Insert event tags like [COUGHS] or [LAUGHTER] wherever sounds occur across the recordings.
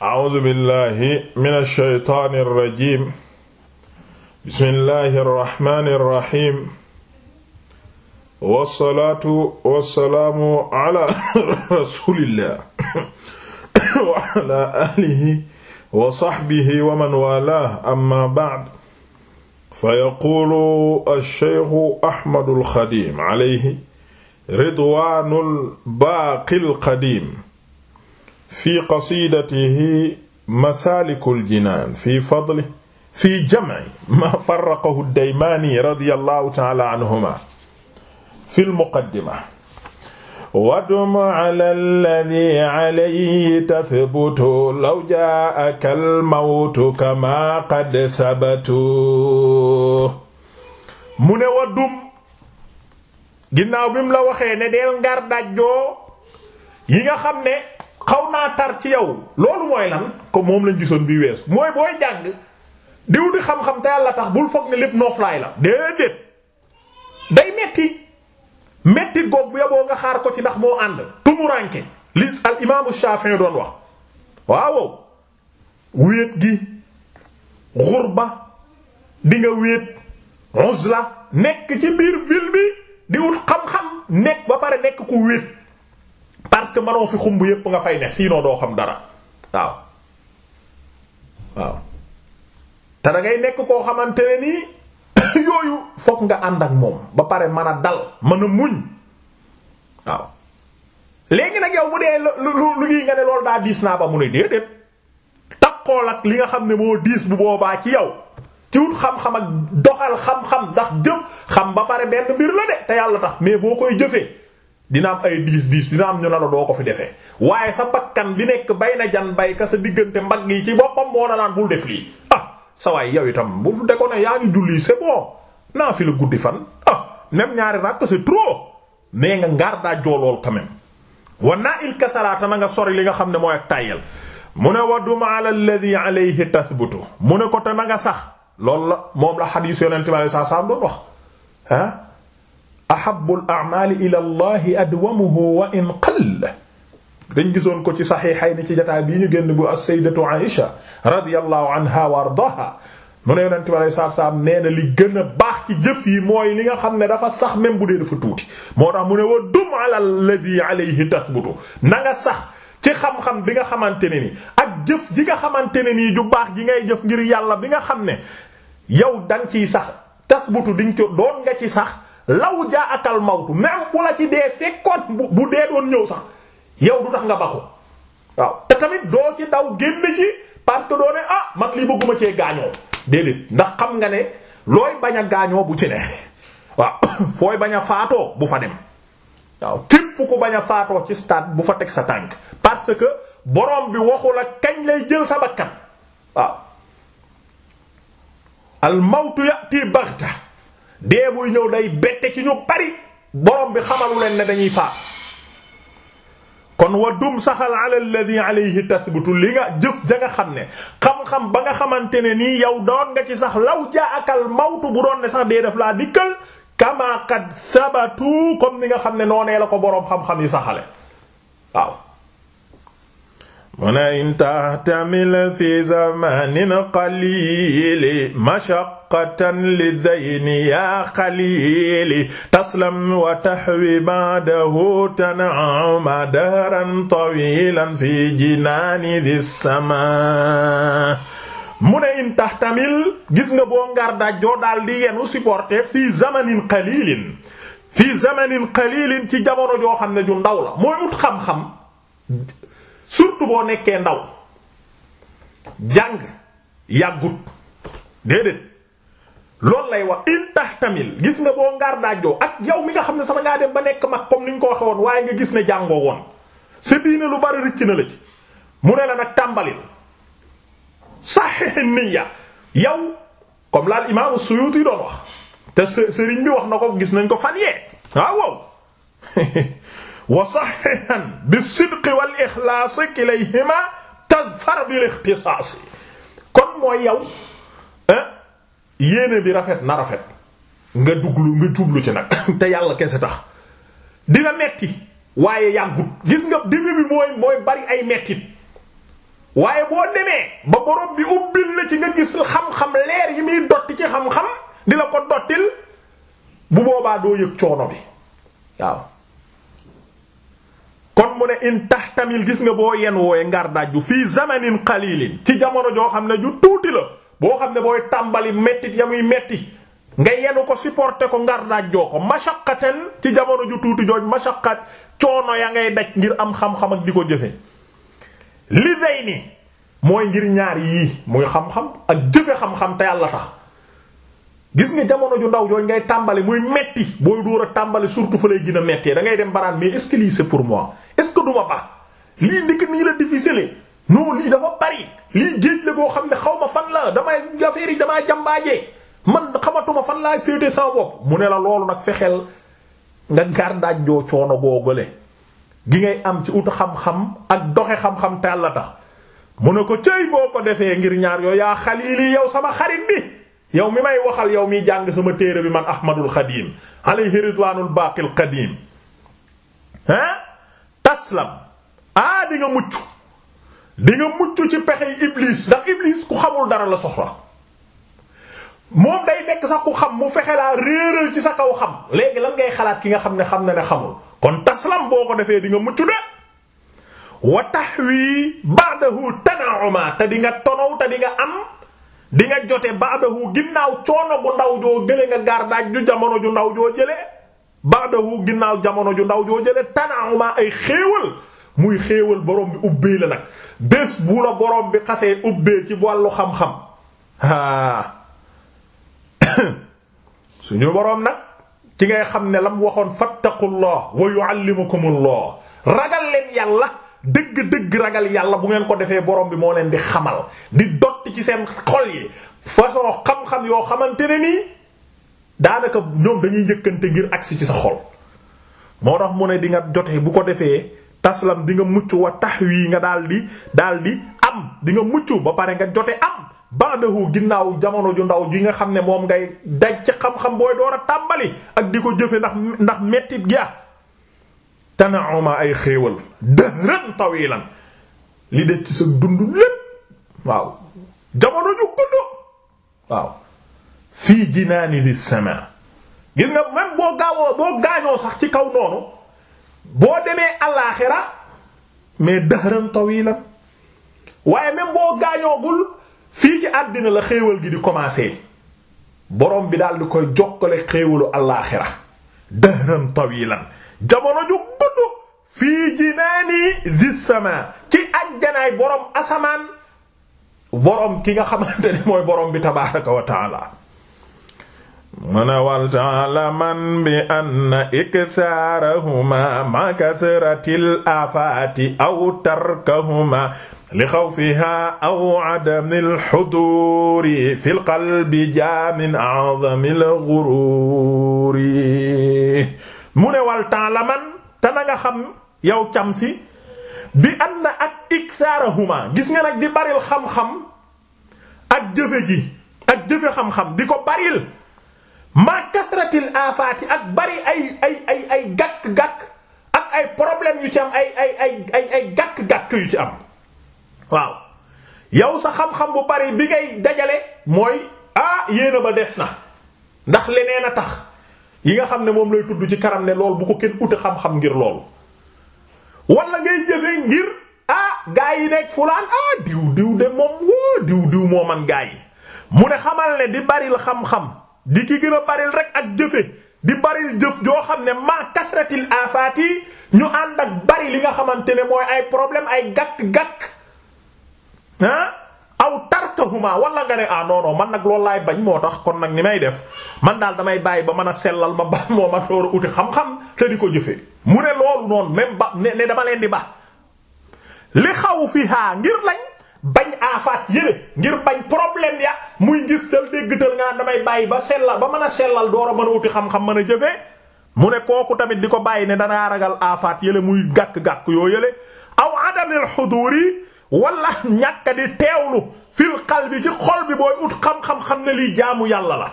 A'uuzu billaahi mina shaytaani rajiim. Bismillaahi rahmaani rahiim. Wassalaatu wassalaamu alaa rasuulillaah [COUGHS] wa alaa aalihi wa sahbihi wa man waalaah, ammaa ba'd. Fayaquulu ash-shaykhu Ahmadul Xadiim alayhi ridwaanul baaqil qadiim. fi qasidatihi masaliku aljinaan fi fadli fi jamci maa faraqahu daymaani radiyallahu taala anhuma fi almuqaddima wadum ala alladi alayhi tathbutu law jaaka almawtu kama qad sabatu mu ne waddum ginnaaw bi mu la waxee ne deel ngar dajjoo yi nga xam ne xaw naa tar ci yow loolu mooy lan ko moom lañ gisoon bi weesu mooy booy jàng diw di xam-xam te yàlla tax bul foog ne lépp nooflaay la déedéet day metti metti goog bu yaboo nga xaar ko ci ndax moo ànd tumuranke li al imaamu doon wax waaw wéet gi xurba di nga wéet uzla nekk ci biir ville bi di wut xam-xam nekk ba pare nekk ku wéet parce que manoo fi xumb yépp nga fay ne sinon doo xam dara waaw waaw te da ngay nekk koo xamante ne nii [COUGHS] yooyu fokk nga ànd ak moom ba pare mën a dal mën a muñ waaw léegi nag yow bu dee lu lu ngi nga ne loolu daa diis naa ba mu ne déedéet taxool ak li nga xam ne moo diis bu boobaa ci yow ci wut xam-xam ak doxal xam-xam ndax jëf xam ba pare benn mbir la de te yàlla tax mais boo koy jëfee. dina am ay diis diis dina am ñu la la doo ko fi defee waaye sa bakkan bi nekk bay na jan bayka sa diggante mbagg yi ci boppam moo na naan bul def lii ah sa waay yow itam bu de ko ne yaa ngi julli c'est bon naa fi la guddi fan ah même ñaari rakk c'est trop mais nga ngaar daa joolool quand même wa naa il kasalaata na nga sori li nga xam ne mooy ak tàyyel mu ne wadum ala alladhi alayhi tathbutu mu ne ko te na nga sax loolu la moom la xadiis yonente bi sallallahu alayhi wasallam doon ahabbu al-a'maali ila wa in qall dañ gisoon ko ci saxiixayni ci jotaay bii ñu génn bu as-sayyidatu wa ardaha mu ne na li gën baax ci jëf yi mooy li nga xam ne dafa sax même bu dee dafa tuuti moo tax mu ne wa dum ala alladhi alayhi tathbutu na nga sax ci xam-xam bi nga xamante ne ni ak jëf ji nga xamante ne nii ju baax ji ngay jëf ngir yàlla bi nga xam ne yow dang ciy sax tathbutu diñ ko doon nga ci sax law jaa akal mawtu même bu la ci dee fekkoon bu dee doon ñëw sax yow du tax nga baxu waaw te tamit doo ci daw génn ci parce que doo ne ah man lii bëgguma cee gaañoo déedéet ndax xam nga ne looy bañ a gaañoo bu ci ne [COUGHS] waaw [COUGHS] fooy bañ a faatoo bu fa dem waaw képp ku bañ a faatoo ci stade bu fa teg sa tànk parce que borom bi waxu la kañ lay jël sa bakkan waaw al mawtu yati baxta dee buy ñëw day bette ci ñu bari boroom bi xamalu leen ne dañuy faat kon wa dum saxal ala alladhi alayhi tathbutu li nga jëf ja xam ne xam-xam ba nga xamante ne nii yow doon nga ci sax law jaa akal mawtu bu doon ne sax dee def laa dikkal kama qad sabatu comme ni nga xam ne noonee la ko boroom xam-xam yi saxale waaw mu ne in tahtamil fi zamanin qalili mashaqatan li dayni yaa xalili taslam wa taxwi ba'dahu tan'ama dahran tawilan fi jinaani di sama mu ne in tahtamil gis nga boo ngar dajjoo daal di yenu supporter fi zamanin qalilin fi zamanin qalilin ci jamono joo xam ne ju ndaw la mooy ut xam-xam surtout boo nekkee ndaw jàng yàggut déedéet loolu lay wax in tahtamil gis nga boo ngaar daajoo ak yow mi nga xam ne sama ngaa dem ba nekk mag comme ni ñu ko waxee woon waaye nga gis ne jàngoo woon sa diine lu bari rëcc na la ci mu ne la nag tàmbalil sahih niyya yow comme laal imaamu Suyuti doon wax te sëriñ bi wax na ko gis nañ ko fan yee ah, waaw wow [LAUGHS] wa saxihan bisidqi wal ixlaasi kilayhima tazfar bil ixtisaasi kon mooy yaw yéene bi rafet na rafet nga duglu nga jublu ci nag [COUGHS] te yàlla kese tax dina metti waaye yàggut gis nga début bi mooy mooy bari ay mettit waaye boo demee ba borom bi ubbil la ci nga gis xam-xam leer yi muy dotti ci xam-xam dina la ko dottil bu boobaa doo yëg coono bi waaw kon mu ne in tamit gis nga boo yen wooye ngar daajju fii zamanin qalilin ci jamono joo xam ne ju tuuti la boo xam ne booy tàmbali mettit ya muy metti nga yenu ko supporter ko ngar joo ko mashaqqatan ci jamono ju tuuti jooj mashaqqat coono ya ngay daj ngir am xam-xam ak di ko jëfe li day ni mooy ngir ñaar yii muy xam-xam ak jëfe xam-xam te yàlla tax gis nga jamono ju ndaw jooju ngay tàmbali muy metti booy dóor a tàmbali surtout fa lay gën a mettee da ngay dem baraan mais est-ce que lii c'est pour moi est-ce que duma baax lii ndikk nii la difficile non lii dafa bari lii goo xam ne xaw ma fan la damay affaire damaa jàmbaajee man xamatuma fan laa féete sa bopp mu ne la loolu nag fexeel nga gardaaj joo coono googale gi ngay am ci ut xam-xam ak doxe xam-xam te Yàlla mu ne ko cëy boo ko defee ngir ñaar yooyu yaa xaliili yow sama xarit bi yow mi may waxal yow mi jàng sama téere bi man ahmadul xadim alayhi ridwanul baqil qadim ah taslam ah di nga mucc di nga mucc ci pexe pexey iblis ndax iblis ku xamul dara la soxla moom day fekk sax ku xam mu fexe laa réeral ci sa kaw xam léegi lan ngay xalaat ki nga xam ne xam na ne xamul kon taslam boo ko defee di nga mucc de wa taxwii ba'dahu tanauma te di nga tonow te di am di nga jote baadahu ginnaaw coono bu ndaw joo gële nga gaar daaj ju jamono ju ndaw joo jële baadahu ginnaaw jamono ju ndaw joo jële tanaawuma ay xéewal muy xéewal borom bi ubbee la nag bés bu la borom bi xasee ubbee ci wàllu xam-xam [COUGHS] suñu borom nag ci ngay xam ne lam waxoon fattaqullah wa yuallimukumullah ragal leen yàlla dëgg-dëgg ragal yàlla bu ngeen ko defee borom bi moo leen di xamal di ci seen xol yi façon xam-xam yoo xamante ne nii daanaka ñoom dañuy njëkkante ngir agsi ci sa xol moo tax mu ne di nga jote bu ko defee taslam di nga mucc wa tax wii nga daal di daal di am di nga mucc ba pare nga jote am ba'dahu ginnaaw jamono ju ndaw ji nga xam ne moom ngay daj ci xam-xam booy door a tàmbali ak di ko jëfe ndax ndax mettit gi ah. tanauma ay xéewal dëhran tawilan li des ci sa dund lépp waaw jamono ñu gudd waaw fii jinaani li sama gis nga même boo gaawoo boo gaañoo sax ci kaw noonu boo demee alaaxira mais dëhëran tawilan waaye même boo gaañoogul fii ci àddina la xéewal gi di commencer borom bi daal di koy jokkale xéewalu alaaxira dëhëran tawilan jamono ju gudd fii jinaani li sama ci ajjanaay borom asamaan borom ki nga xamante ne mooy borom bi tabaaraka wa taala mu ne wal taalaman bi anna iksaarahuma ma kasratil afaati aw tarkahuma li xawfiha aw adamil xuduuri fil qalbi jaamin azamil guruuri mu ne wal taalaman te na nga xam yow camsi bi am na ak iksaarahuma gis nga nag di baril xam-xam ak jëfe ji ak jëfe xam-xam di ko baril ma kasratil aafaati ak bari ay ay ay ay gàkk-gàkk ak ay problème yu ci am ay ay ay ay gàkk-gàkk yu ci am waaw yow sa xam-xam bu bari bi ngay dajale mooy ah yéena ba des na ndax leneen a tax yi nga xam ne moom lay tudd ci kanam ne lool bu ko kenn uti xam-xam ngir loolu wala ngay jëfe ngir ah gaa yi nekk fulaan ah diw diw de moom woo diw diw moo man gaa yi mu ne xamal ne di baril xam-xam di ki gën a baril rek ak jëfe di baril jëf joo xam ne ma kasratil afaat ñu ànd ak bari li nga xamante ne mooy ay problème ay gàkk-gàkk ah. aw tarkahuma wala nga ne ah non man nag loolu laay bañ moo tax kon nag ni may def man daal damay bàyyi ba mën a sellal ma ba moo ma door a uti xam-xam te di ko jëfee mu ne loolu noonu même ba ne dama leen di ba li xaw fi haa ngir lañ bañ aafaat yële ngir bañ problème ya muy gis tal déggtal damay bàyyi ba sellal ba mën a sellal door a mën a uti xam-xam mën a jëfee mu ne kooku tamit di ko bàyyi ne danaa ragal aafaat yële muy gàkk-gàkk yoo yële aw adamil huduri wala ñàkk di teewlu fil bi ci xol bi booy ut xam-xam xam ne lii jaamu yàlla la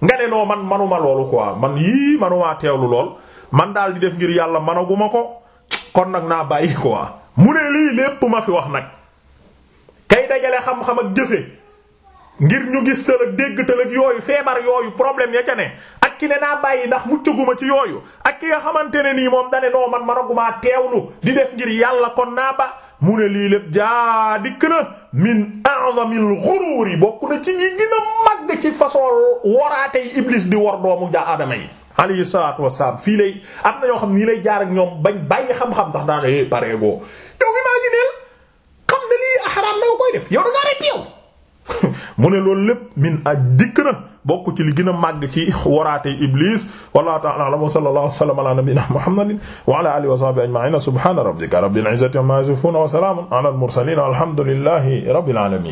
nga ne noo man manuma loolu quoi man yii manumaa teewlu lool man daal di def ngir yàlla managuma ko kon nag naa bàyyi quoi mu ne lii lépp ma fi wax nag kay dajale xam-xam ak jëfe ngir ñu gis tëlëg dégg tëlëg yooyu feebar yooyu problème ya ca ne ki ne naa bàyyi ndax muccaguma ci yooyu ak ki nga xamante ne nii moom dane noo man managumaa teewlu di def ngir yàlla kon naa ba mu ne lii lépp jaa dikk na min a'zamil ghurur yi bokk na ci ñi gën mag ci façon waraate yi iblis di war doomu jaa adama yi alayhi salaatu wasalaam fii lay am na yoo xam nii lay jaar ak ñoom bañ bàyyi xam-xam ndax daana é eh, pareegoo yow imagineel xam ne lii xaraam na nga koy def [LAUGHS] mu ne loolu lépp min aj dikk na bokk ci li gën a màgg ci waraatey iblis wallahu ta'ala a'lam wa sallallahu alayhi wa sallam ala nabiyyina muhammadin wa ala alihi wa sahbihi ajma'in subhana rabbika rabbil izzati amma yasifun wa salamun ala al mursalin walhamdulillahi rabbil alamin